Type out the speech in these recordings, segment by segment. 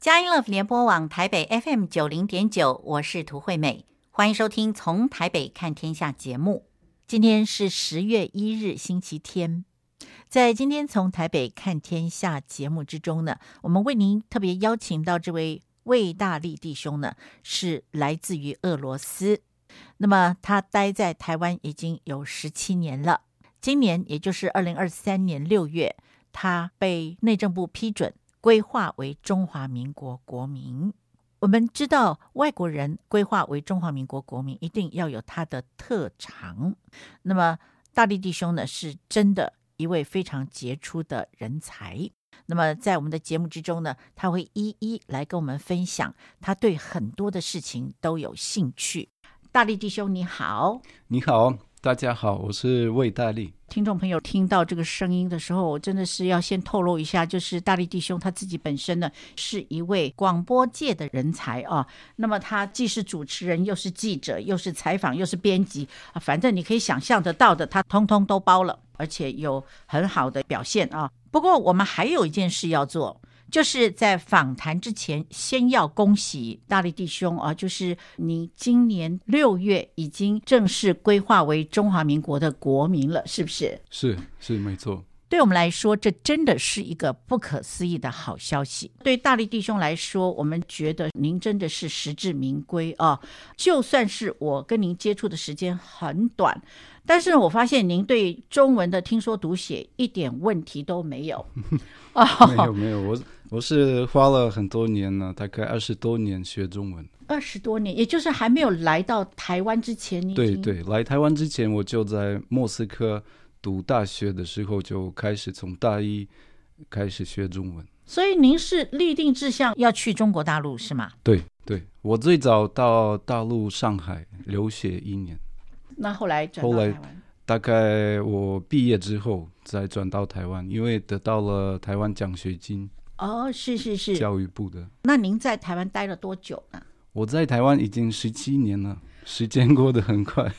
佳音 Love 聯播網台北 FM 九零點九，我是涂惠美，歡迎收聽《從台北看天下》節目。今天是十月一日，星期天。在今天《從台北看天下》節目之中呢，我們為您特別邀請到這位衛大力弟兄呢，是來自於俄羅斯。那麼他待在台灣已經有十七年了。今年，也就是二零二三年六月，他被內政部批准。歸化為中華民國國民，我們知道外國人歸化為中華民國國民，一定要有他的特長。那麼大力弟兄呢，是真的一位非常傑出的人才。那麼在我們的節目之中呢，他會一一來跟我們分享，他對很多的事情都有興趣。大力弟兄你好，你好。大家好，我是衛大力。聽眾朋友聽到這個聲音的時候，我真的是要先透露一下，就是大力弟兄他自己本身呢是一位廣播界的人才啊。那麼他既是主持人，又是記者，又是採訪，又是編輯啊，反正你可以想象得到的，他通通都包了，而且有很好的表現啊。不過我們還有一件事要做。就是在訪談之前，先要恭喜大力弟兄啊！就是您今年六月已經正式歸化為中華民國的國民了，是不是？是是，沒錯。對我們來說，這真的是一個不可思議的好消息。對大力弟兄來說，我們覺得您真的是實至名歸啊！就算是我跟您接觸的時間很短，但是我發現您對中文的聽說讀寫一點問題都沒有、 哦、 沒有沒有，我。我是花了很多年呢，大概二十多年學中文。二十多年，也就是還沒有來到台灣之前你？對對，來台灣之前，我就在莫斯科讀大學的時候就開始從大一開始學中文。所以您是立定志向要去中國大陸是嗎？對對，我最早到大陸上海留學一年，那後來後來大概我畢業之後再轉到台灣，因為得到了台灣獎學金。哦，是是是，教育部的。那您在台灣待了多久呢？我在台灣已經十七年了。時間過得很快，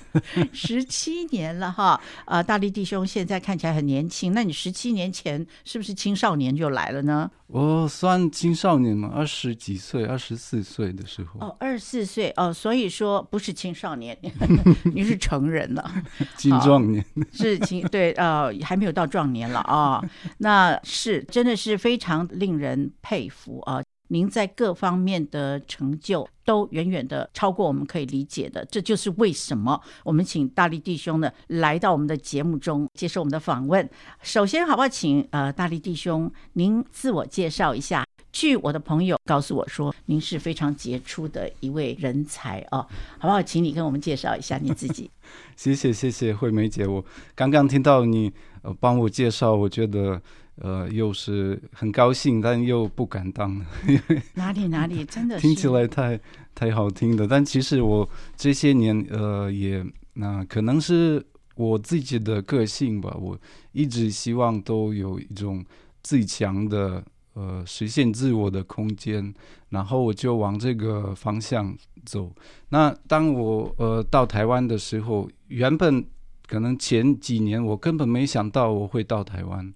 十 七年了哈！啊、呃，大力弟兄現在看起來很年輕，那你十七年前是不是青少年就來了呢？我算青少年嘛，二十幾歲，二十四歲的時候。哦，二十四歲哦，所以說不是青少年， 你是成人了，青壯年是青對呃，還沒有到壯年了啊、哦，那是真的是非常令人佩服啊。哦您在各方面的成就都遠遠的超過我們可以理解的，這就是為什麼我們請大力弟兄呢來到我們的節目中接受我們的訪問。首先，好不好請，請呃大力弟兄您自我介紹一下。據我的朋友告訴我說，您是非常傑出的一位人才啊、哦，好不好？請你跟我們介紹一下你自己。謝 謝謝謝，惠梅姐，我剛剛聽到你呃幫我介紹，我覺得。呃，又是很高興，但又不敢當。 哪裡哪裡，真的是聽起來太太好聽的。但其實我這些年，呃，也那、呃、可能是我自己的個性吧。我一直希望都有一種最強的呃實現自我的空間，然後我就往這個方向走。那當我呃到台灣的時候，原本可能前幾年我根本沒想到我會到台灣。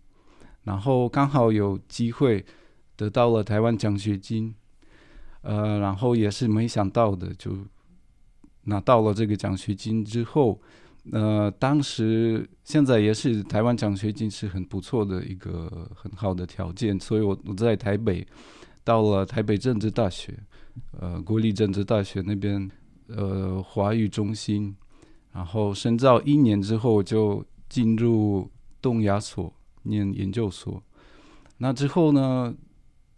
然後剛好有機會得到了台灣獎學金，呃，然後也是沒想到的，就拿到了這個獎學金之後，呃，當時現在也是台灣獎學金是很不錯的一個很好的條件，所以我在台北，到了台北政治大學，呃，國立政治大學那邊呃華語中心，然後深造一年之後就進入東亞所，念研究所，那之後呢？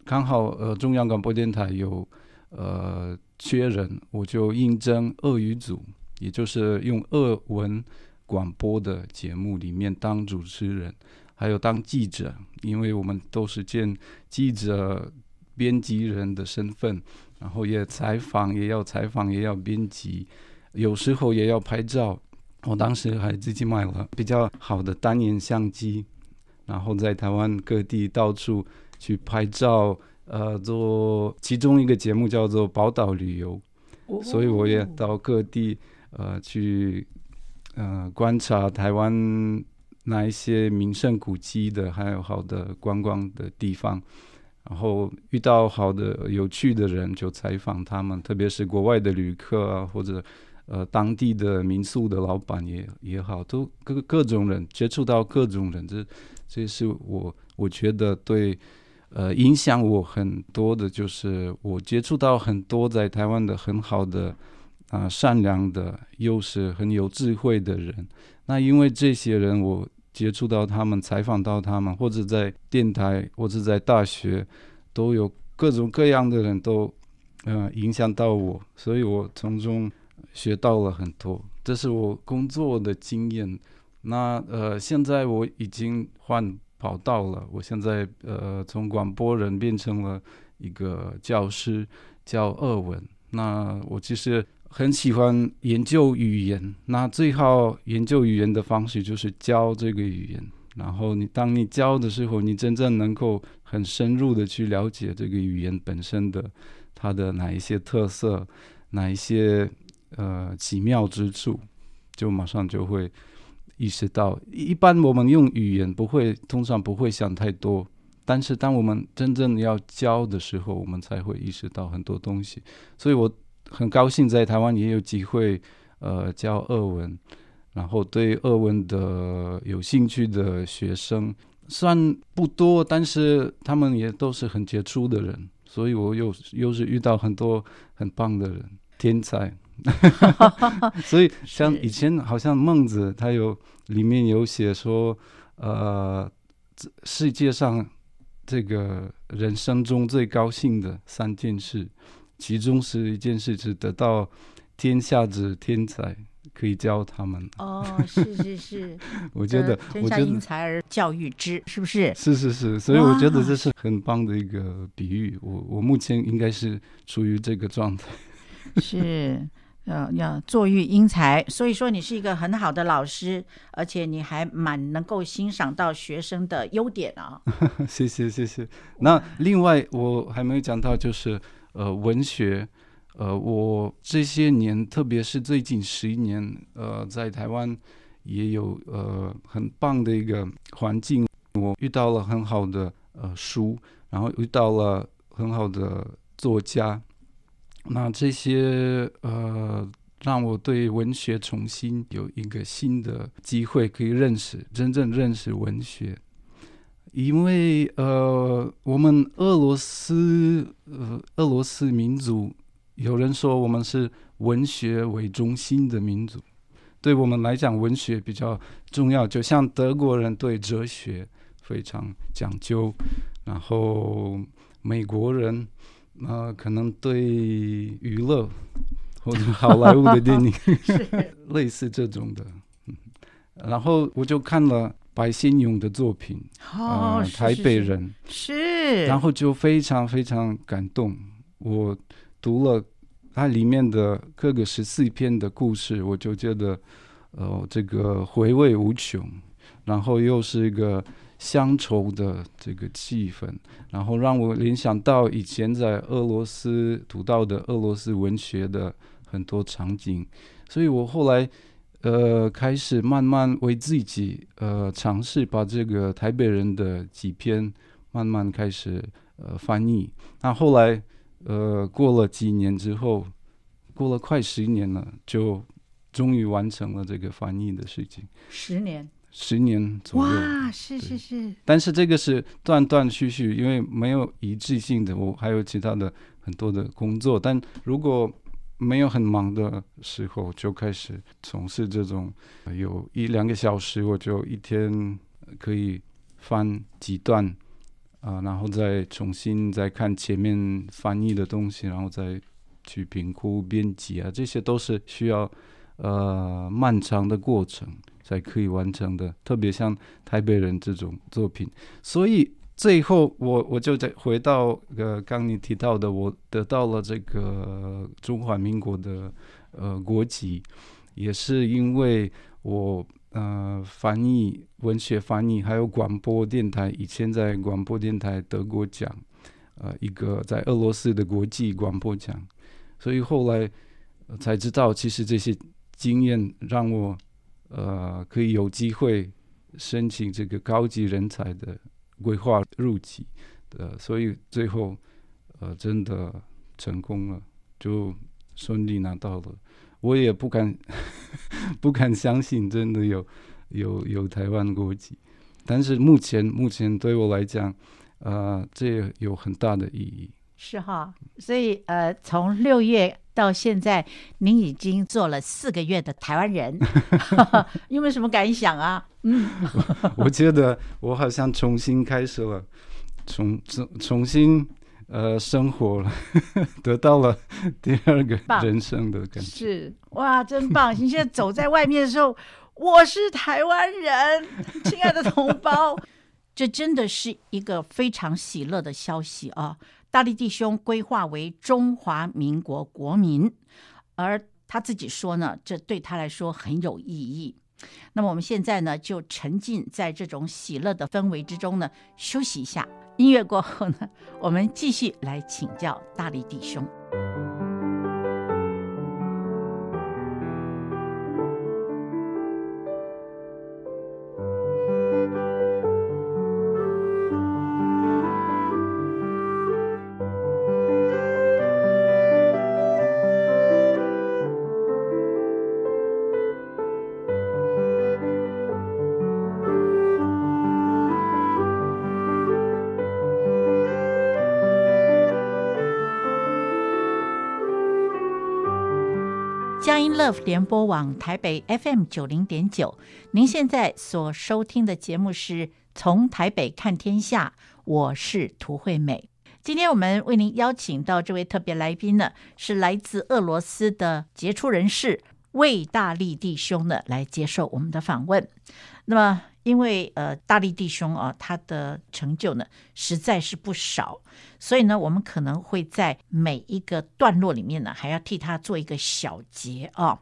剛好呃，中央廣播電台有呃缺人，我就應徵俄語組，也就是用俄文廣播的節目裡面當主持人，還有當記者，因為我們都是兼記者、編輯人的身份，然後也採訪，也要採訪，也要編輯，有時候也要拍照。我當時還自己買了比較好的單眼相機。然後在台灣各地到處去拍照，呃，做其中一個節目叫做寶島旅遊，Oh. 所以我也到各地呃去呃觀察台灣那一些名勝古蹟的，還有好的觀光的地方，然後遇到好的有趣的人就採訪他們，特別是國外的旅客啊，或者呃當地的民宿的老板也也好，都各各種人接觸到各種人就。這是我我覺得對，呃，影響我很多的，就是我接觸到很多在台灣的很好的啊、呃，善良的，又是很有智慧的人。那因為這些人，我接觸到他們，採訪到他們，或者在電台，或者在大學，都有各種各樣的人都，嗯、呃，影響到我，所以我從中學到了很多，這是我工作的經驗。那呃，現在我已經換跑道了。我現在呃，從廣播人變成了一個教師，教俄文。那我其實很喜歡研究語言。那最好研究語言的方式就是教這個語言。然後你當你教的時候，你真正能夠很深入的去了解這個語言本身的它的哪一些特色，哪一些呃奇妙之處，就馬上就會。意識到，一般我們用語言不會，通常不會想太多。但是當我們真正要教的時候，我們才會意識到很多東西。所以我很高興在台灣也有機會，呃，教俄文，然後對俄文的有興趣的學生，雖然不多，但是他們也都是很傑出的人。所以我又又是遇到很多很棒的人，天才。 所以，像以前好像孟子，他有裡面有寫說，呃，這世界上這個人生中最高興的三件事，其中是一件事是得到天下之天才可以教他們。哦，是是是， 我覺得天下英才而教育之，是不是？是是是，所以我覺得這是很棒的一個比喻。我我目前應該是處於這個狀態 是。要要作育英才，所以說你是一個很好的老師，而且你還蠻能夠欣賞到學生的優點啊、哦。 謝謝，謝謝。那另外我還沒有講到，就是呃文學，呃我這些年，特別是最近十一年，呃在台灣也有呃很棒的一個環境，我遇到了很好的呃書，然後遇到了很好的作家。那這些呃，讓我對文學重新有一個新的機會，可以認識真正認識文學。因為呃，我們俄羅斯呃，俄羅斯民族有人說我們是文學為中心的民族，對我們來講文學比較重要。就像德國人對哲學非常講究，然後美國人。啊、呃，可能對娛樂或者好萊塢的電影 類似這種的。然後我就看了白先勇的作品，啊、oh, 呃，台北人是，是，然後就非常非常感動。我讀了他裡面的各個十四篇的故事，我就覺得，哦、呃，這個回味無窮。然後又是一個。鄉愁的這個氣氛，然後讓我聯想到以前在俄羅斯讀到的俄羅斯文學的很多場景，所以我後來呃開始慢慢為自己呃嘗試把這個台北人的幾篇慢慢開始呃翻譯，那後來呃過了幾年之後，過了快十年了，就終於完成了這個翻譯的事情。十年。十年左右，哇，是是是，但是這個是斷斷續續，因為沒有一致性的，的我還有其他的很多的工作，但如果沒有很忙的時候，就開始從事這種，有一兩個小時，我就一天可以翻幾段，啊、呃，然後再重新再看前面翻譯的東西，然後再去評估編輯啊，這些都是需要呃漫長的過程。才可以完成的，特別像台北人這種作品。所以最後我，我我就再回到呃，剛你提到的，我得到了這個中華民國的呃國籍，也是因為我呃翻譯文學翻譯，還有廣播電台，以前在廣播電台得過獎，呃，一個在俄羅斯的國際廣播獎，所以後來才知道，其實這些經驗讓我。呃，可以有機會申請這個高級人才的規劃入籍，呃，所以最後呃真的成功了，就順利拿到了。我也不敢 不敢相信，真的有有有台灣國籍，但是目前目前對我來講，呃，這有很大的意義。是哈，所以呃，從六月到現在，您已經做了四個月的台灣人，有 沒有什麼感想啊？嗯我，我覺得我好像重新開始了，重重重新呃生活了，得到了第二個人生的感覺。是哇，真棒！你現在走在外面的時候， 我是台灣人，親愛的同胞， 這真的是一個非常喜樂的消息啊！大力弟兄歸化為中華民國國民，而他自己說呢，這對他來說很有意義。那麼我們現在呢，就沉浸在這種喜樂的氛圍之中呢，休息一下。音樂過後呢，我們繼續來請教大力弟兄。聯播網台北 FM 九零點九，您現在所收聽的節目是《從台北看天下》，我是涂惠美。今天我們為您邀請到這位特別來賓呢，是來自俄羅斯的傑出人士衛大力弟兄呢，來接受我們的訪問。那麼。因為呃，大力弟兄啊，他的成就呢實在是不少，所以呢，我們可能會在每一個段落裡面呢，還要替他做一個小結啊、哦。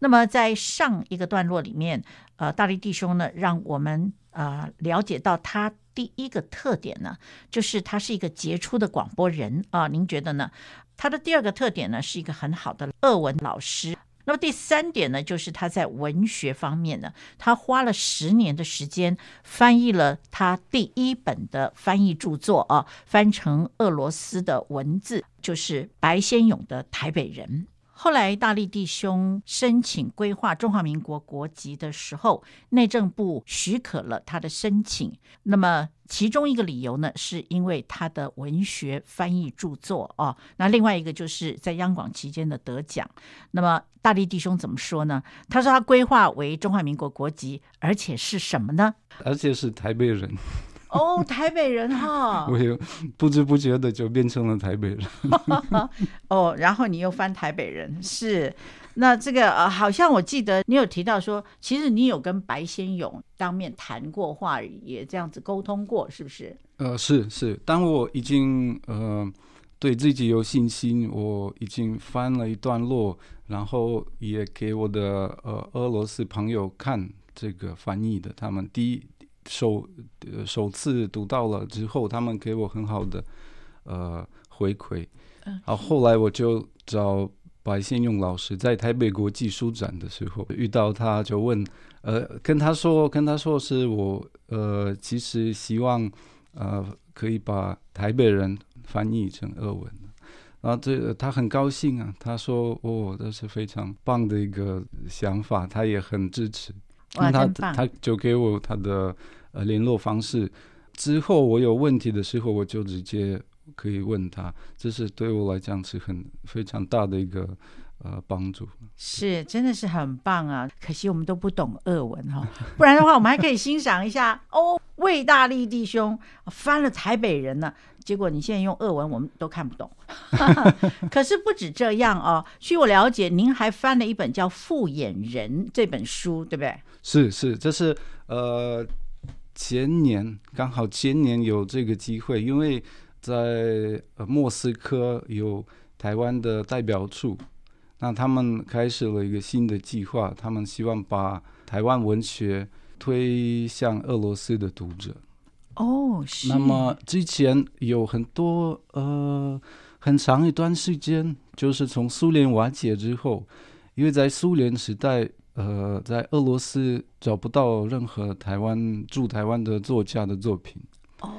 那麼在上一個段落裡面，呃，大力弟兄呢，讓我們呃了解到他第一個特點呢，就是他是一個傑出的廣播人啊、呃。您覺得呢？他的第二個特點呢，是一個很好的俄文老師。那麼第三點呢，就是他在文學方面呢，他花了十年的時間翻譯了他第一本的翻譯著作啊，翻成俄羅斯的文字，就是白先勇的《台北人》。後來，大力弟兄申請歸化中華民國國籍的時候，內政部許可了他的申請。那麼，其中一個理由呢，是因為他的文學翻譯著作啊、哦；那另外一個，就是在央廣期間的得獎。那麼，大力弟兄怎麼說呢？他說他歸化為中華民國國籍，而且是什麼呢？而且是台北人。哦，台北人哈，哦， 我也不知不覺的就變成了台北人 哦，然後你又翻台北人是。那這個呃，好像我記得你有提到說，其實你有跟白先勇當面談過話，也這樣子溝通過，是不是？呃，是是，當我已經呃對自己有信心，我已經翻了一段落，然後也給我的呃俄羅斯朋友看這個翻譯的，他們第一。首首次讀到了之後，他們給我很好的呃回饋，然、嗯、後、啊、後來我就找白先勇老師，在台北國際書展的時候遇到他，就問呃跟他說，跟他說是我呃其實希望呃可以把台北人翻譯成俄文，然後這個他很高興啊，他說哦，這是非常棒的一個想法，他也很支持。嗯、他哇棒他就給我他的呃聯絡方式，之後我有問題的時候，我就直接可以問他，這是對我來講是很非常大的一個呃幫助。是真的是很棒啊！可惜我們都不懂俄文哈、哦，不然的話我們還可以欣賞一下 哦。衛大力弟兄翻了台北人呢，結果你現在用俄文我們都看不懂。 可是不止這樣哦，據我了解，您還翻了一本叫《複眼人》這本書，對不對？是是，這是、就是、呃，前年剛好，前年有這個機會，因為在、呃、莫斯科有台灣的代表處，那他們開始了一個新的計劃，他們希望把台灣文學推向俄羅斯的讀者。哦、oh，是。那麼之前有很多呃很長一段時間，就是從蘇聯瓦解之後，因為在蘇聯時代。呃，在俄羅斯找不到任何台灣駐台灣的作家的作品，Oh.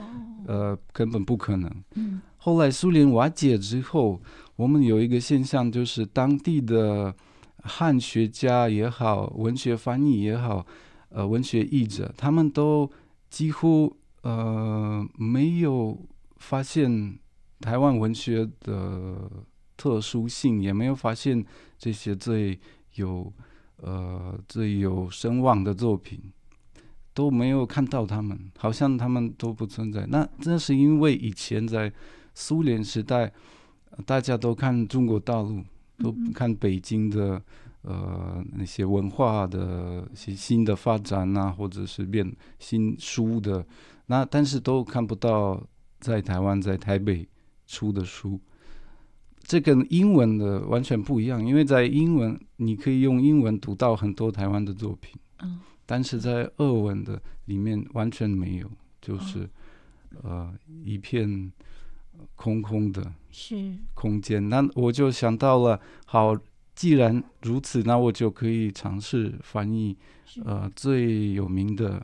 呃，根本不可能。嗯。後來蘇聯瓦解之後，我們有一個現象，就是當地的漢學家也好，文學翻譯也好，呃，文學譯者，他們都幾乎呃沒有發現台灣文學的特殊性，也沒有發現這些最有。呃，最有聲望的作品都沒有看到，他們好像他們都不存在。那這是因為以前在蘇聯時代，大家都看中國大陸，都看北京的呃那些文化的新新的發展吶、啊，或者是變新書的，那但是都看不到在台灣在台北出的書。這跟英文的完全不一樣，因為在英文你可以用英文讀到很多台灣的作品，哦、但是在俄文的裡面完全沒有，就是、哦、呃一片空空的空，是空間。那我就想到了，好，既然如此，那我就可以嘗試翻譯呃最有名的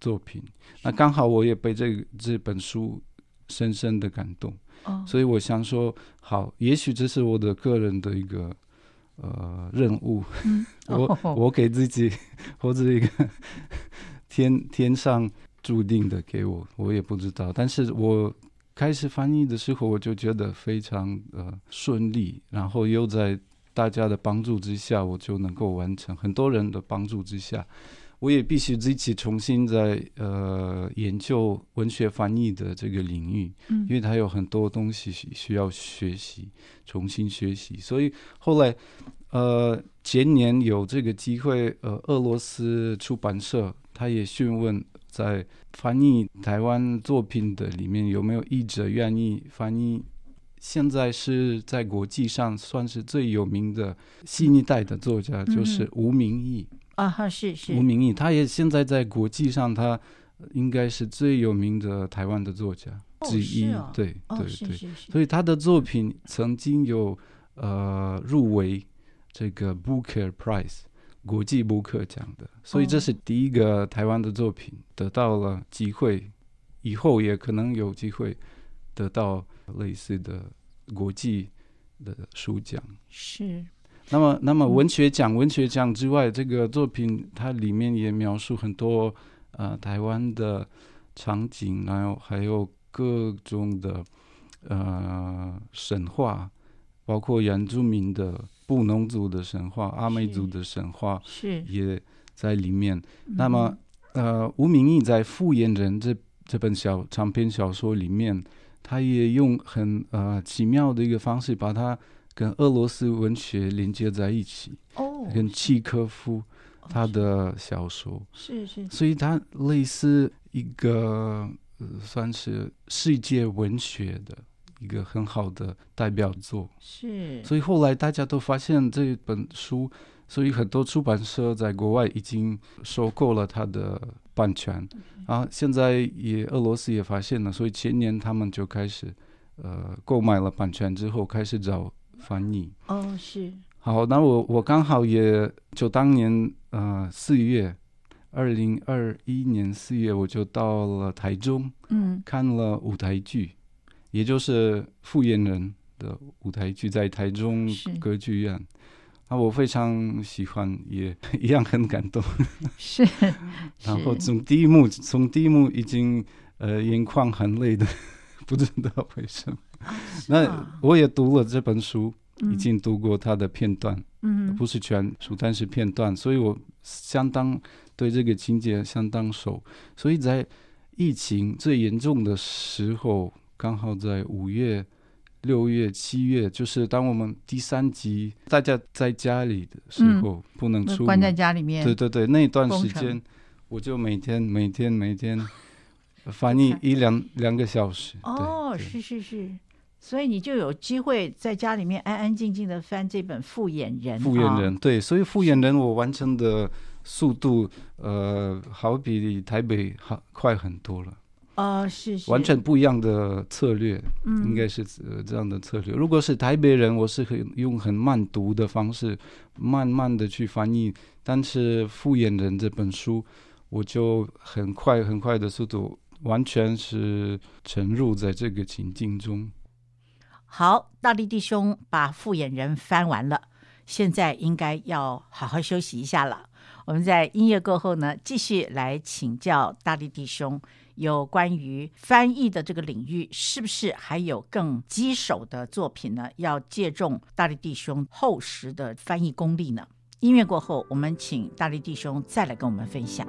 作品。那剛好我也被這這本書深深的感動。 所以我想說，好，也許這是我的個人的一個呃任務， 我我給自己或者一個天天上注定的給我，我也不知道。但是我開始翻譯的時候，我就覺得非常呃順利，然後又在大家的幫助之下，我就能夠完成，很多人的幫助之下。我也必須自己重新在呃研究文學翻譯的這個領域，嗯，因為它有很多東西需要學習，重新學習。所以後來，呃，前年有這個機會，呃，俄羅斯出版社他也詢問，在翻譯台灣作品的裡面有沒有譯者願意翻譯。現在是在國際上算是最有名的新一代的作家，嗯，就是吳明益。嗯啊哈，是吳明益，他也現在在國際上，他應該是最有名的台灣的作家之一。哦啊、對、哦、對、哦、對，所以他的作品曾經有呃入圍這個 Booker Prize 國際布克獎的，所以這是第一個台灣的作品，哦，得到了機會，以後也可能有機會得到類似的國際的書獎。是。那麼，那麼文學獎、嗯，文學獎之外，這個作品它裡面也描述很多呃台灣的場景啊，還有還有各種的呃神話，包括原住民的布農族的神話、阿美族的神話，也在裡面。那麼，呃，吳明益在《複眼人》這這本小長篇小說裡面，他也用很呃奇妙的一個方式把它。跟俄羅斯文學連接在一起，oh, 跟契訶夫他的小說、oh, 是、oh, 是，是，是，所以它類似一個、呃、算是世界文學的一個很好的代表作，是。所以後來大家都發現這本書，所以很多出版社在國外已經收購了他的版權，後、okay. 啊、現在也俄羅斯也發現了，所以前年他們就開始呃購買了版權之後，開始找。翻譯。哦，是。好，那我我剛好也就當年呃四月，二零二一年四月我就到了台中，嗯，看了舞台劇，也就是復原人的舞台劇在台中歌劇院，那我非常喜歡，也，也一樣很感動， 是， 是，然後從第一幕，從第一幕已經呃眼眶含淚的， 不知道為什麼。啊啊、那我也讀了這本書，嗯，已經讀過它的片段，嗯，不是全書，但是片段，所以我相當對這個情節相當熟。所以在疫情最嚴重的時候，剛好在五月、六月、七月，就是當我們第三級，大家在家裡的時候，嗯、不能出，關在家裡面，對對對，那一段時間，我就每天每天每天翻譯一兩 兩個小時。哦，是是是。所以你就有機會在家裡面安安靜靜的翻這本《複眼人》。複眼人，對，所以《複眼人》我完成的速度，呃，好比台北好快很多了。啊，是，是。完全不一樣的策略，應該是這樣的策略。如果是台北人，我是可以用很慢讀的方式，慢慢的去翻譯。但是《複眼人》這本書，我就很快很快的速度，完全是沉入在這個情境中。好，大力弟兄把複眼人翻完了，現在應該要好好休息一下了。我們在音樂過後呢，繼續來請教大力弟兄，有關於翻譯的這個領域，是不是還有更棘手的作品呢？要借重大力弟兄厚實的翻譯功力呢？音樂過後，我們請大力弟兄再來跟我們分享。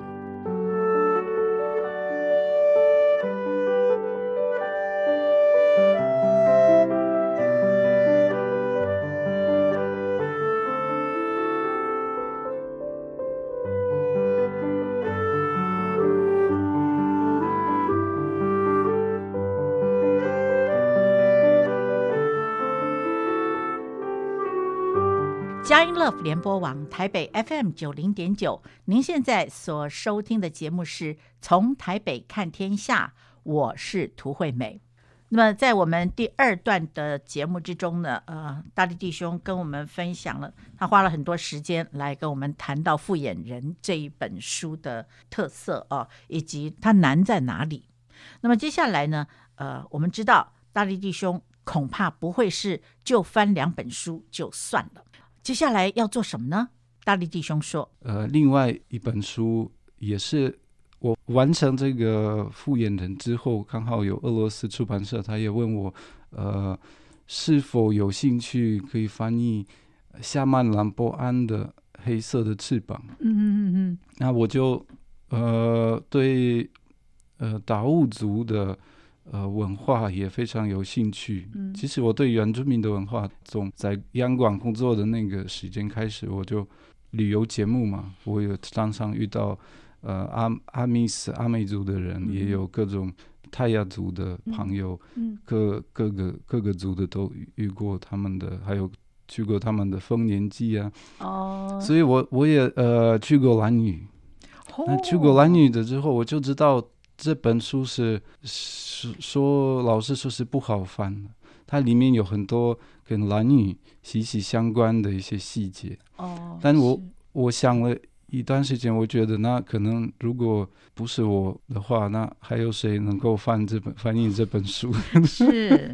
Love 聯播網台北 FM 九零點九，您現在所收聽的節目是從台北看天下，我是涂惠美。那麼在我們第二段的節目之中呢，呃，大力弟兄跟我們分享了他花了很多時間來跟我們談到《複眼人》這一本書的特色啊、呃，以及它難在哪裡。那麼接下來呢，呃，我們知道大力弟兄恐怕不會是就翻兩本書就算了。接下來要做什麼呢？大力弟兄說：“呃，另外一本書也是我完成這個複演人之後，剛好有俄羅斯出版社，他也問我，呃，是否有興趣可以翻譯夏曼藍波安的《黑色的翅膀》。嗯嗯嗯嗯，那我就呃對呃達悟族的。”呃，文化也非常有興趣、嗯。其實我對原住民的文化，從在央廣工作的那個時間開始，我就旅遊節目嘛，我有常常遇到呃阿阿米斯阿美族的人、嗯，也有各種泰雅族的朋友，嗯、各各個各個族的都遇過他們的，還有去過他們的豐年祭啊。哦，所以我我也呃去過蘭嶼、哦，那去過蘭嶼的之後，我就知道。這本書是說老實說是不好翻的，它裡面有很多跟男女息息相關的一些細節。哦，但我我想了一段時間，我覺得那可能如果不是我的話，那還有誰能夠翻這本翻譯這本書？ 是，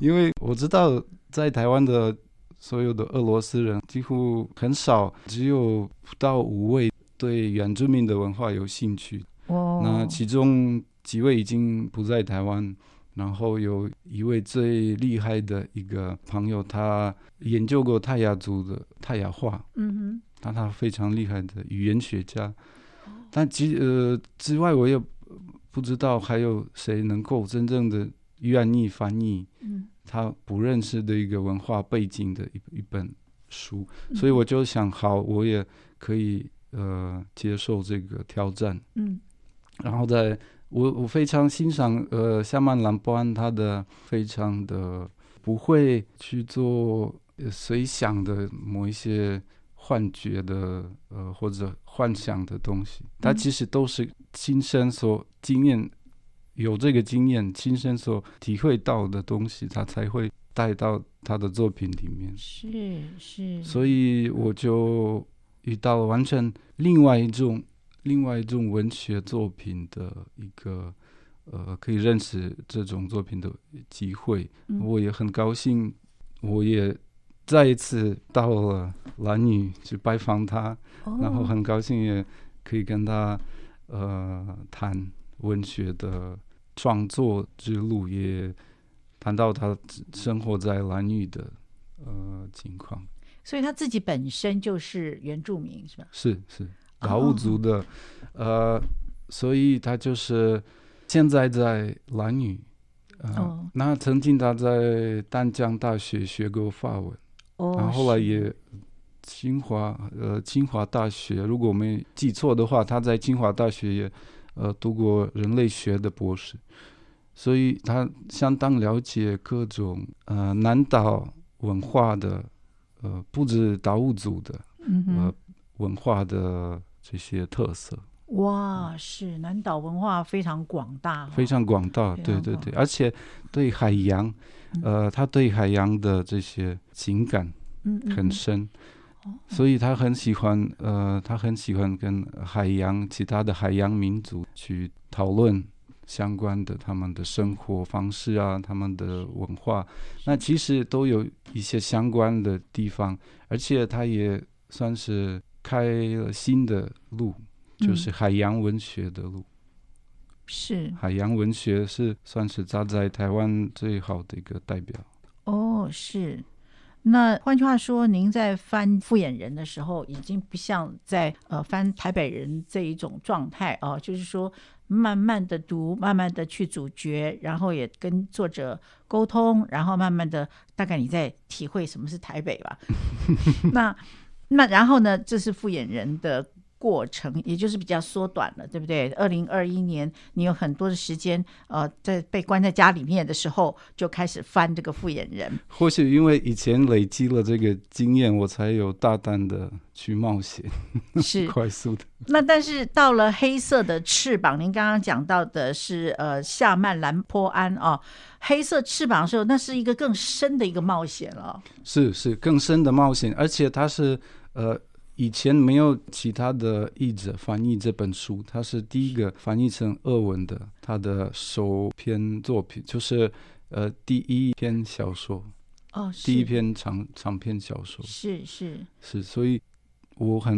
因為我知道在台灣的所有的俄羅斯人幾乎很少，只有不到五位對原住民的文化有興趣。Wow. 那其中幾位已經不在台灣，然後有一位最厲害的一個朋友，他研究過泰雅族的泰雅話，嗯哼，那他非常厲害的語言學家，但其呃之外，我也不知道還有誰能夠真正的願意翻譯，他不認識的一個文化背景的一一本書，mm -hmm. 所以我就想，好，我也可以呃接受這個挑戰，嗯、mm -hmm.。然後，在我我非常欣賞呃夏曼蘭波安，他的非常的不會去做隨想的某一些幻覺的呃或者幻想的東西，他其實都是親身所經驗，有這個經驗，親身所體會到的東西，他才會帶到他的作品裡面。是是，所以我就遇到了完全另外一種。另外一種文學作品的一個呃，可以認識這種作品的機會，嗯、我也很高興，我也再一次到了蘭嶼去拜訪他。哦，然後很高興也可以跟他呃談文學的創作之路，也談到他生活在蘭嶼的呃情況。所以他自己本身就是原住民，是吧？是是。達悟族的，oh. 呃，所以他就是現在在蘭嶼，哦、呃，oh. 那曾經他在淡江大學學過法文，oh. 然後後來也清華，呃，清華大學，如果我沒記錯的話，他在清華大學也，呃，讀過人類學的博士，所以他相當了解各種呃南島文化的，呃，不止達悟族的，mm -hmm. 呃文化的這些特色哇，是南島文化非常廣大，哦，非常廣大，對對對，而且對海洋，嗯，呃，他對海洋的這些情感，嗯很深，嗯嗯，所以他很喜歡呃，他很喜歡跟海洋其他的海洋民族去討論相關的他們的生活方式啊，他們的文化，那其實都有一些相關的地方，而且他也算是。開了新的路，就是海洋文學的路。嗯、是海洋文學是算是站在台灣最好的一個代表。哦，是。那換句話說，您在翻《複眼人》的時候，已經不像在呃翻《台北人》這一種狀態哦、呃。就是說慢慢的讀，慢慢的去咀嚼，然後也跟作者溝通，然後慢慢的大概你在體會什麼是台北吧。 那。那然後呢？這是複眼人的過程，也就是比較縮短了，對不對？二零二一年，你有很多的時間，呃，在被關在家裡面的時候，就開始翻這個複眼人。或許因為以前累積了這個經驗，我才有大膽的去冒險， 是 快速的。那但是到了黑色的翅膀，您剛剛講到的是呃夏曼藍波安啊、哦，黑色翅膀的時候，那是一個更深的一個冒險了。是是更深的冒險，而且它是。呃，以前沒有其他的譯者翻譯這本書，他是第一個翻譯成俄文的。他的首篇作品就是，呃，第一篇小說，哦，第一篇長長篇小說，是是是。所以我很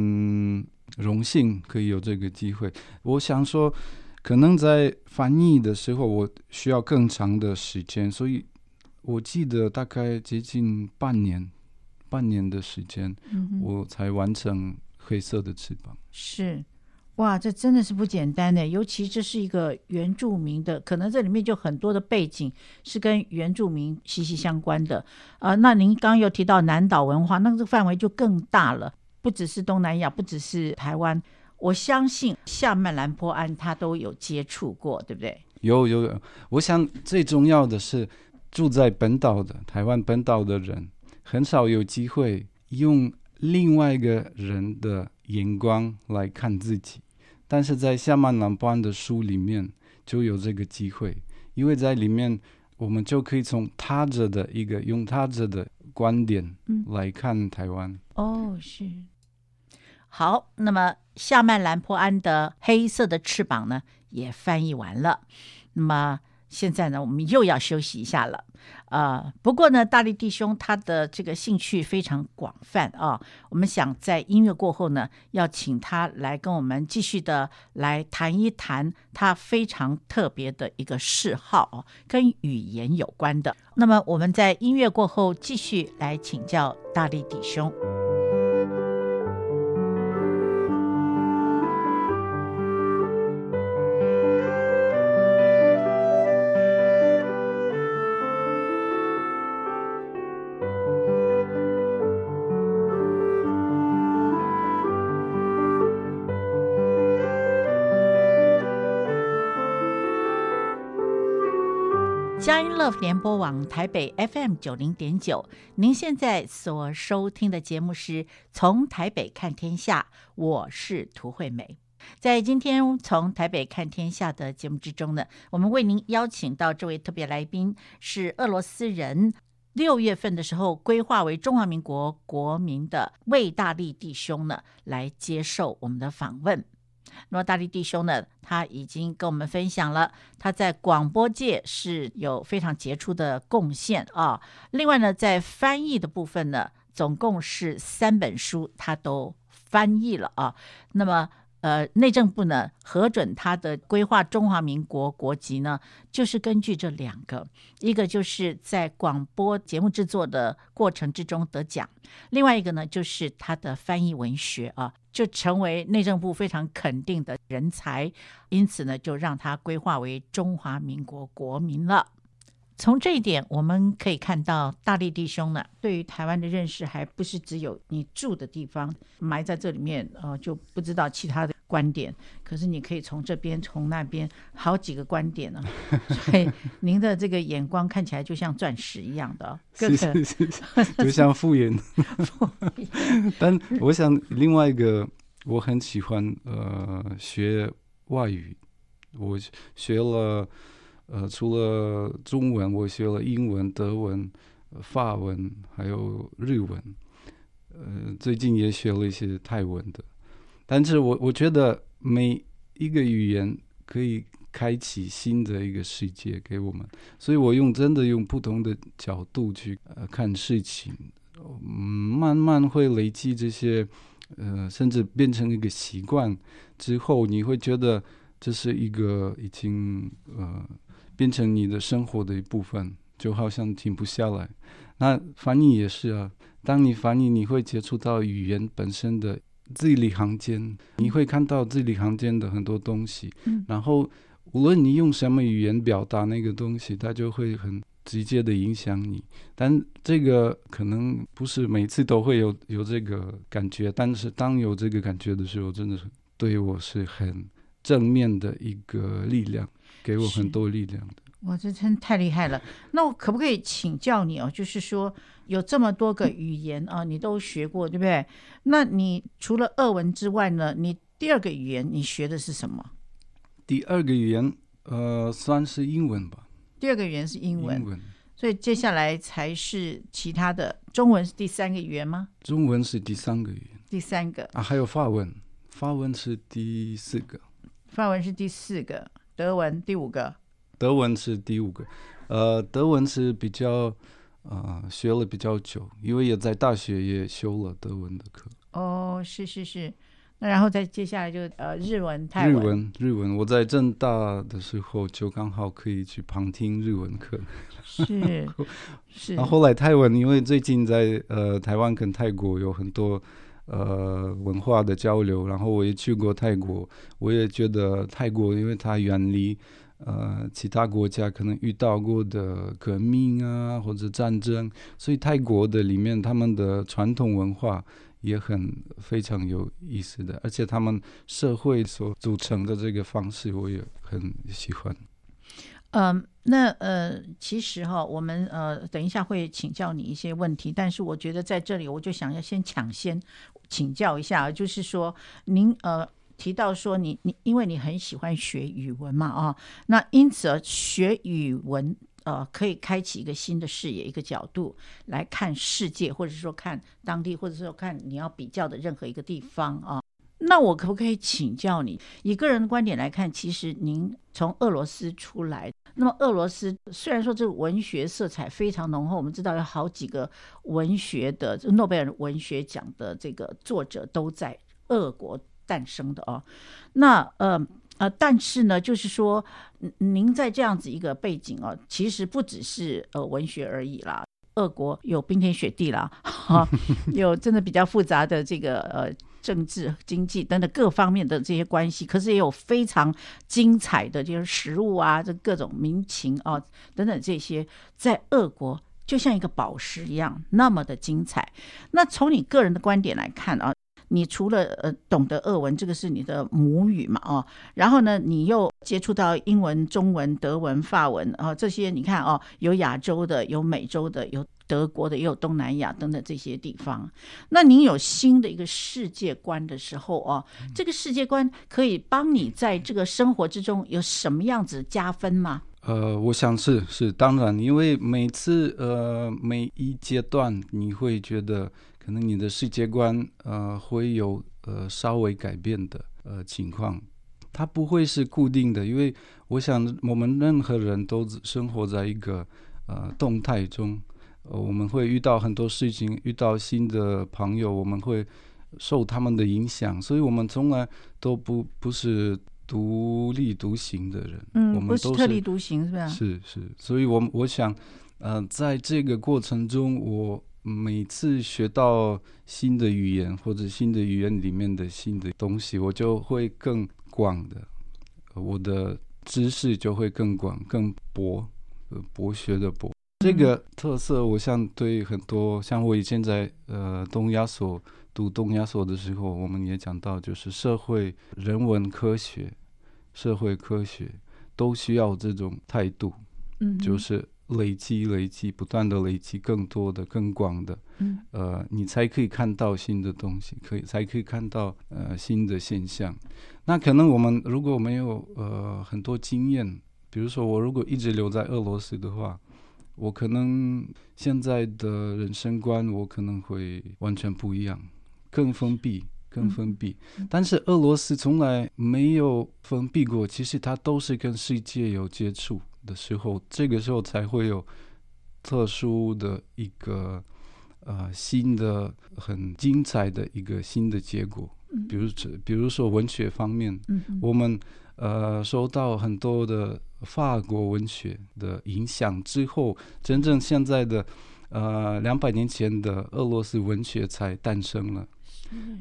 榮幸可以有這個機會。我想說，可能在翻譯的時候我需要更長的時間，所以我記得大概接近半年。半年的時間，嗯、我才完成《黑色的翅膀》。是。是哇，這真的是不簡單的，尤其這是一個原住民的，可能這裡面就很多的背景是跟原住民息息相關的。啊、呃，那您剛又提到南島文化，那個範圍就更大了，不只是東南亞，不只是台灣，我相信夏曼藍波安他都有接觸過，對不對？有有有，我想最重要的是住在本島的台灣本島的人。很少有機會用另外一個人的眼光來看自己，但是在夏曼蘭波安的書裡面就有這個機會，因為在裡面我們就可以從他者的一個用他者的觀點來看台灣，嗯。哦，是。好，那麼夏曼蘭波安的《黑色的翅膀》呢也翻譯完了，那麼現在呢我們又要休息一下了。呃，不過呢，大力弟兄他的這個興趣非常廣泛啊。我們想在音樂過後呢，要請他來跟我們繼續的來談一談他非常特別的一個嗜好啊，跟語言有關的。那麼我們在音樂過後繼續來請教大力弟兄。聯播網台北 FM 九零點九，您現在所收聽的節目是《從台北看天下》，我是涂惠美。在今天《從台北看天下》的節目之中呢，我們為您邀請到這位特別來賓是俄羅斯人，六月份的時候歸化為中華民國國民的衛大力弟兄呢，來接受我們的訪問。那麼，大力弟兄呢，他已經跟我們分享了他在廣播界是有非常傑出的貢獻啊。另外呢，在翻譯的部分呢，總共是三本書，他都翻譯了啊。那麼。呃，內政部呢，核准他的歸化中華民國國籍呢，就是根據這兩個：一個就是在廣播節目製作的過程之中得獎，另外一個呢，就是他的翻譯文學啊，就成為內政部非常肯定的人才，因此呢就讓他歸化為中華民國國民了。從這一點，我們可以看到大力弟兄呢，對於台灣的認識還不是只有你住的地方埋在這裡面，呃，就不知道其他的觀點。可是你可以從這邊，從那邊，好幾個觀點呢、啊。所以您的這個眼光看起來就像鑽石一樣的、哦，是是是是 就像就像複眼。 但我想另外一個，我很喜歡呃學外語，我學了。呃，除了中文，我學了英文、德文、呃、法文，還有日文。呃，最近也學了一些泰文的。但是我我覺得每一個語言可以開啟新的一個世界給我們，所以我用真的用不同的角度去呃看事情，嗯，慢慢會累積這些，呃，甚至變成一個習慣之後，你會覺得這是一個已經呃。變成你的生活的一部分，就好像停不下來。那翻譯也是啊，當你翻譯，你會接觸到語言本身的字裡行間，你會看到字裡行間的很多東西，嗯。然後，無論你用什麼語言表達那個東西，它就會很直接的影響你。但這個可能不是每次都會有有這個感覺，但是當有這個感覺的時候，真的是對我是很。正面的一個力量，給我很多力量的。哇，這真太厲害了！ 那我可不可以請教你哦？就是說，有這麼多個語言啊，你都學過，對不對？那你除了俄文之外呢？你第二個語言你學的是什麼？第二個語言，呃，算是英文吧。第二個語言是英文。英文。所以接下來才是其他的。中文是第三個語言嗎？中文是第三個語言。第三個啊，還有法文，法文是第四個。嗯法文是第四個，德文第五個，德文是第五個，呃，德文是比較，呃，學了比較久，因為也在大學也修了德文的課。哦，是是是，那然後再接下來就呃日文、泰文、日文、日文，我在政大的時候就剛好可以去旁聽日文課，是 是。然後後來泰文，因為最近在呃台灣跟泰國有很多。呃，文化的交流，然後我也去過泰國，我也覺得泰國，因為它遠離呃其他國家，可能遇到過的革命啊或者戰爭，所以泰國的裡面他們的傳統文化也很非常有意思的，而且他們社會所組成的這個方式我也很喜歡。嗯，那呃，其實哈，我們呃，等一下會請教你一些問題，但是我覺得在這裡，我就想要先搶先。請教一下就是說您，您呃提到說你你，因為你很喜歡學語文嘛啊，那因此而學語文呃，可以開啟一個新的視野、一個角度來看世界，或者說看當地，或者說看你要比較的任何一個地方啊。那我可不可以請教你，以個人的觀點來看，其實您從俄羅斯出來。那麼俄羅斯雖然說這個文學色彩非常濃厚，我們知道有好幾個文學的諾貝爾文學獎的這個作者都在俄國誕生的哦。那呃呃，但是呢，就是說，您在這樣子一個背景啊、哦，其實不只是呃文學而已啦。俄國有冰天雪地啦，啊、 有真的比較複雜的這個呃。政治、經濟等等各方面的這些關係，可是也有非常精彩的，就是食物啊，這各種民情啊等等這些，在俄國就像一個寶石一樣，那麼的精彩。那從你個人的觀點來看啊。你除了呃懂得俄文，這個是你的母語嘛？哦，然後呢，你又接觸到英文、中文、德文、法文，啊、哦、這些你看哦，有亞洲的，有美洲的，有德國的，也有東南亞等等這些地方。那您有新的一個世界觀的時候哦，這個世界觀可以幫你在這個生活之中有什麼樣子加分嗎？呃，我想是是當然，因為每次呃每一階段你會覺得。可能你的世界觀，呃，會有呃稍微改變的呃情況，它不會是固定的，因為我想我們任何人都生活在一個呃動態中，呃，我們會遇到很多事情，遇到新的朋友，我們會受他們的影響，所以我們從來都不不是獨立獨行的人，嗯，我們都是，不是特立獨行，是吧？是是，所以我，我我想，呃，在這個過程中，我。每次學到新的語言或者新的語言裡面的新的東西，我就會更廣的，我的知識就會更廣、更博，呃、博學的博。嗯、這個特色，我想對很多，像我以前在呃東亞所讀東亞所的時候，我們也講到，就是社會、人文科學、社會科學都需要這種態度，嗯，就是。累積，累積，不斷的累積，更多的、更廣的，嗯，呃，你才可以看到新的東西，可以才可以看到呃新的現象。那可能我們如果沒有呃很多經驗，比如說我如果一直留在俄羅斯的話，我可能現在的人生觀我可能會完全不一樣，更封閉，更封閉。嗯、但是俄羅斯從來沒有封閉過，其實它都是跟世界有接觸。的時候，這個時候才會有特殊的一個呃新的很精彩的一個新的結果。比如這比如說文學方面，嗯，我們呃受到很多的法國文學的影響之後，真正現在的呃兩百年前的俄羅斯文學才誕生了。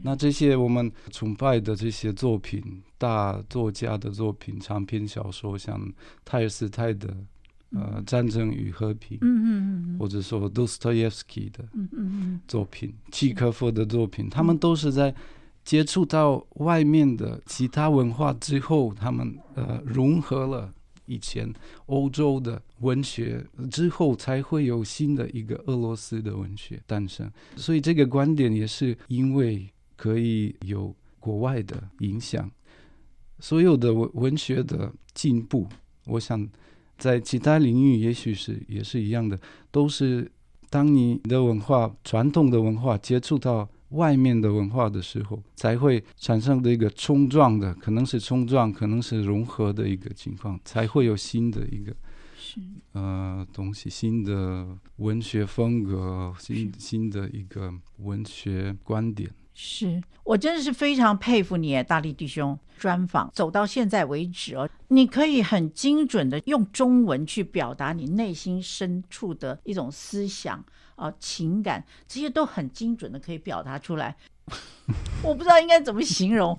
那這些我們崇拜的這些作品，大作家的作品，長篇小說，像托爾斯泰的，呃，《戰爭與和平》，嗯哼嗯嗯，或者說杜斯妥耶夫斯基的，作品，契、嗯嗯、科夫的作品，他們都是在接觸到外面的其他文化之後，他們呃融合了。以前歐洲的文學之後，才會有新的一個俄羅斯的文學誕生。所以這個觀點也是因為可以有國外的影響，所有的文文學的進步，我想在其他領域也許是也是一樣的，都是當你的文化傳統的文化接觸到。外面的文化的時候，才會產生的一個衝撞的，可能是衝撞，可能是融合的一個情況，才會有新的一個呃東西，新的文學風格，新新的一個文學觀點。是我真的是非常佩服你，大力弟兄，專訪走到現在為止哦，你可以很精準的用中文去表達你內心深處的一種思想啊、呃、情感，這些都很精準的可以表達出來。 我不知道應該怎麼形容，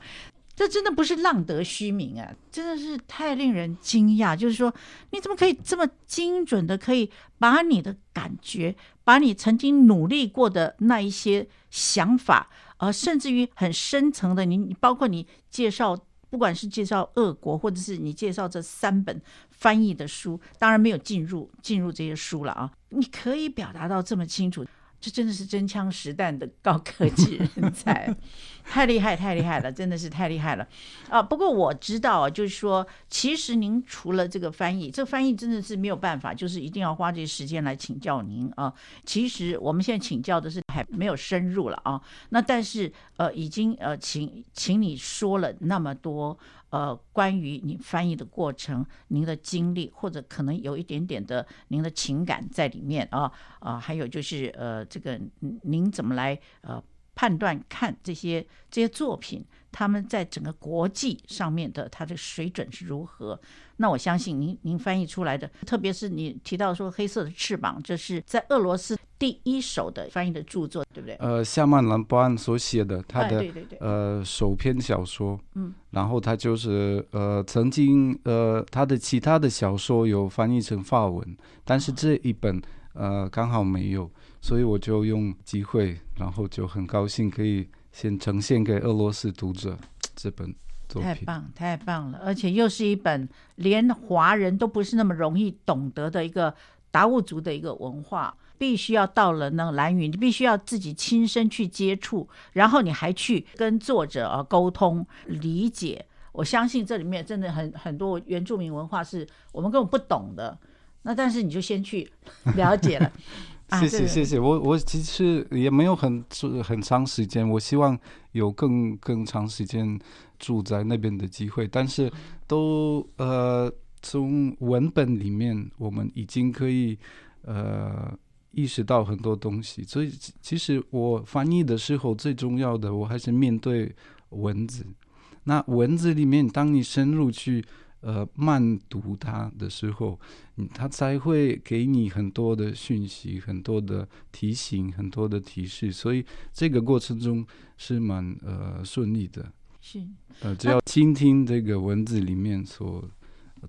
這真的不是浪得虛名啊，真的是太令人驚訝。就是說，你怎麼可以這麼精準的可以把你的感覺，把你曾經努力過的那一些想法。啊，甚至於很深層的，你你包括你介紹，不管是介紹俄國，或者是你介紹這三本翻譯的書，當然沒有進入進入這些書了啊，你可以表達到這麼清楚。這真的是真槍實彈的高科技人才， 太厲害，太厲害了，真的是太厲害了啊！不過我知道啊，就是說，其實您除了這個翻譯，這翻譯真的是沒有辦法，就是一定要花這些時間來請教您啊。其實我們現在請教的是還沒有深入了啊，那但是呃，已經呃，請請你說了那麼多。呃，關於你翻譯的過程，您的經歷，或者可能有一點點的您的情感在裡面啊啊，還有就是呃，這個您怎麼來呃判斷看這些這些作品？他們在整個國際上面的他的水準是如何？那我相信您、嗯、您翻譯出來的，特別是你提到說《黑色的翅膀》，這是在俄羅斯第一手的翻譯的著作，對不對？呃，夏曼‧藍波安所寫的他的、哎、對對對呃首篇小說，嗯，然後他就是呃曾經呃他的其他的小說有翻譯成法文，但是這一本、嗯、呃剛好沒有，所以我就用機會，然後就很高興可以。先呈現給俄羅斯讀者這本作品，太棒太棒了，而且又是一本連華人都不是那麼容易懂得的一個達悟族的一個文化，必須要到了那個蘭嶼，你必須要自己親身去接觸，然後你還去跟作者啊溝通理解。我相信這裡面真的很很多原住民文化是我們根本不懂的，那但是你就先去了解了。 謝謝謝謝，啊、我我其實也沒有很很長時間，我希望有更更長時間住在那邊的機會，但是都呃從文本裡面我們已經可以呃意識到很多東西，所以其實我翻譯的時候最重要的我還是面對文字，那文字裡面當你深入去。呃，慢讀它的時候，它才會給你很多的訊息、很多的提醒、很多的提示，所以這個過程中是蠻呃順利的。是，呃，只要傾聽這個文字裡面所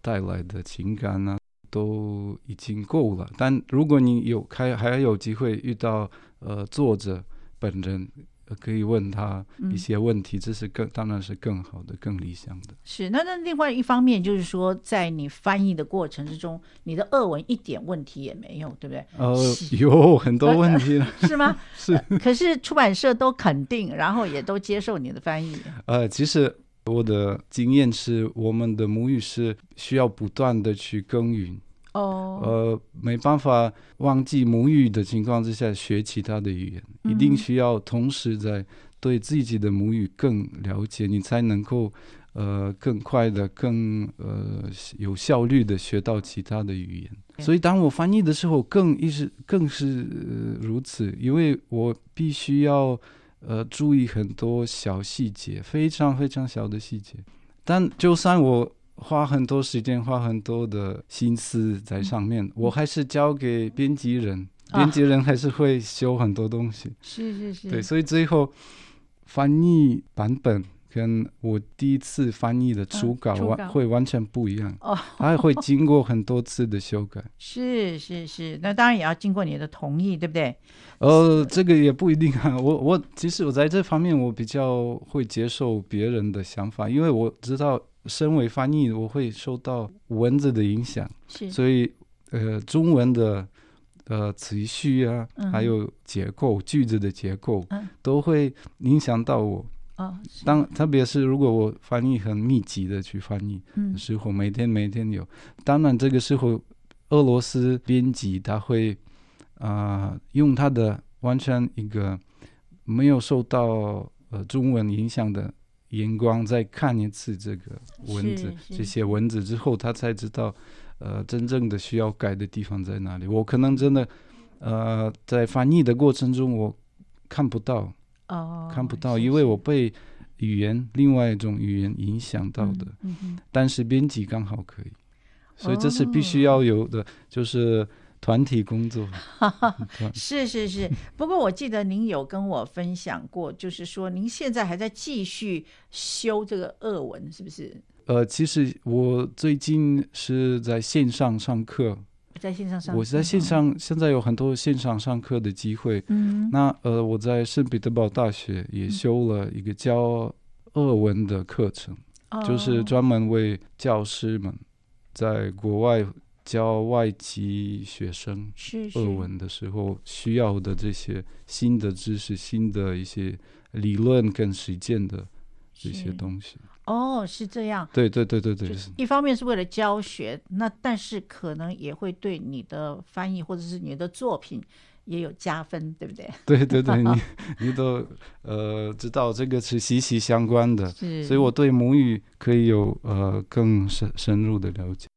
帶來的情感呢、啊啊，都已經夠了。但如果你有開還，還有機會遇到呃作者本人。可以問他一些問題，嗯、這是更當然是更好的、更理想的。是，那那另外一方面就是說，在你翻譯的過程之中，你的俄文一點問題也沒有，對不對？呃，有很多問題了，呃、是嗎？是、呃。可是出版社都肯定，然後也都接受你的翻譯。呃，其實我的經驗是，我們的母語是需要不斷的去耕耘。哦、oh.，呃，沒辦法忘記母語的情況之下學其他的語言，mm -hmm. 一定需要同時在對自己的母語更了解，你才能夠呃更快的、更呃有效率的學到其他的語言。Mm -hmm. 所以當我翻譯的時候，更意識更是、呃、如此，因為我必須要呃注意很多小細節，非常非常小的細節。但就算我。花很多時間，花很多的心思在上面。嗯、我還是交給編輯人、啊，編輯人還是會修很多東西。是是是。對，所以最後翻譯版本跟我第一次翻譯的初稿、啊、完初稿會完全不一樣。哦，還會經過很多次的修改。是是是，那當然也要經過你的同意，對不對？呃，這個也不一定啊。我我其實我在這方面我比較會接受別人的想法，因為我知道。身為翻譯，我會受到文字的影響，所以呃，中文的呃詞序啊、嗯，還有結構、句子的結構，嗯、都會影響到我。哦、當特別是如果我翻譯很密集的去翻譯，的時候、嗯、每天每天有。當然這個時候，俄羅斯編輯他會啊、呃，用他的完全一個沒有受到呃中文影響的。眼光再看一次這個文字，這些文字之後，他才知道，呃，真正的需要改的地方在哪裡。我可能真的，呃，在翻譯的過程中我看不到，哦、看不到是是，因為我被語言另外一種語言影響到的、嗯嗯。但是編輯剛好可以，所以這是必須要有的，哦、就是。團體工作，哈哈，是是是。 不過我記得您有跟我分享過，就是說您現在還在繼續修這個俄文，是不是？呃，其實我最近是在線上上課，在線上上課，我在線上、嗯、現在有很多線上上課的機會。嗯，那呃，我在聖彼得堡大學也修了一個教俄文的課程，嗯、就是專門為教師們在國外。教外籍學生是，俄文的時候，需要的這些新的知識，是是、新的一些理論跟實踐的這些東西。哦，是這樣。對對對對對，一方面是為了教學，那但是可能也會對你的翻譯或者是你的作品也有加分，對不對？對對對，你 你都呃知道這個是息息相關的，是所以我對母語可以有呃更深深入的了解。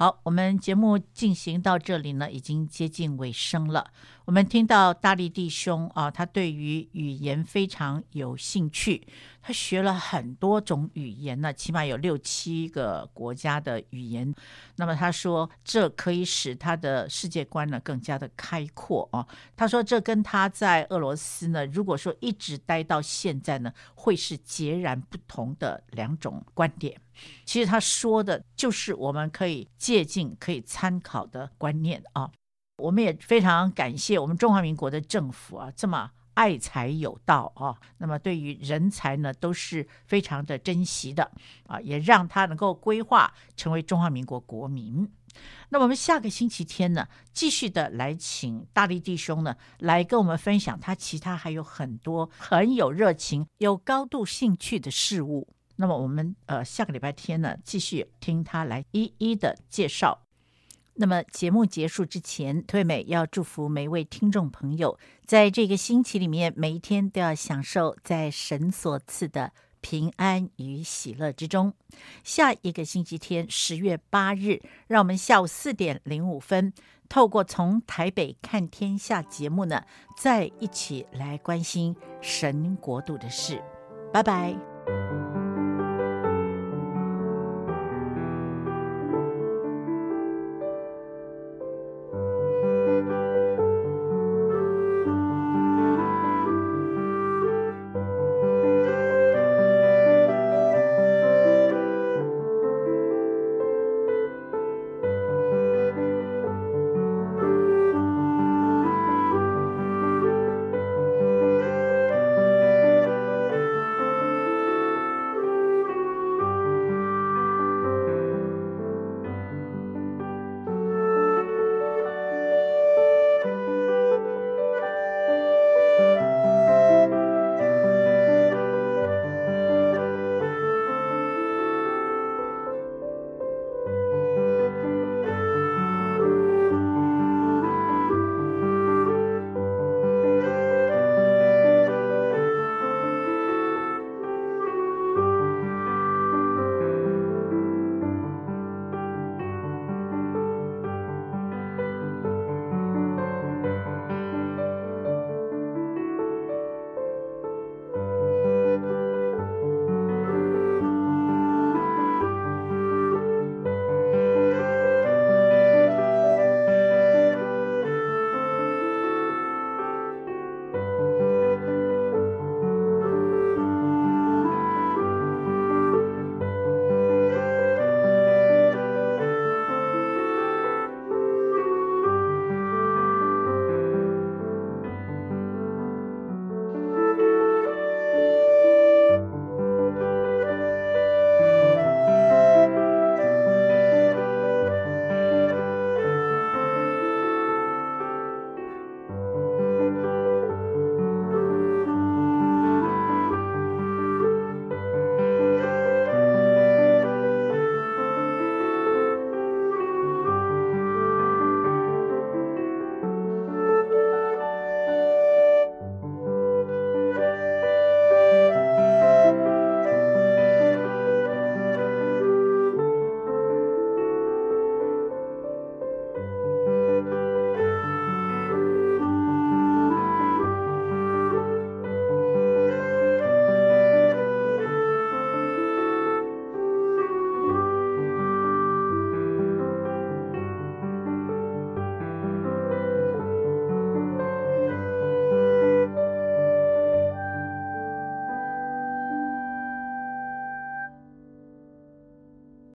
好，我們節目進行到這裡呢，已經接近尾聲了。我們聽到大力弟兄啊，他對於語言非常有興趣，他學了很多種語言呢，起碼有六七個國家的語言。那麼他說，這可以使他的世界觀呢更加的開闊啊。他說，這跟他在俄羅斯呢，如果說一直待到現在呢，會是截然不同的兩種觀點。其實他說的就是我們可以借鑒、可以參考的觀念啊。我們也非常感謝我們中華民國的政府啊，這麼愛才有道啊。那麼對於人才呢，都是非常的珍惜的啊，也讓他能夠歸化成為中華民國國民。那麼我們下個星期天呢，繼續的來請大力弟兄呢來跟我們分享他其他還有很多很有熱情、有高度興趣的事物。那麼我們呃下個禮拜天呢，繼續聽他來一一的介紹。那麼節目結束之前，退美要祝福每一位聽眾朋友，在這個星期裡面，每一天都要享受在神所賜的平安與喜樂之中。下一個星期天，十月八日，讓我們下午四點零五分，透過《從台北看天下》節目呢，再一起來關心神國度的事。拜拜。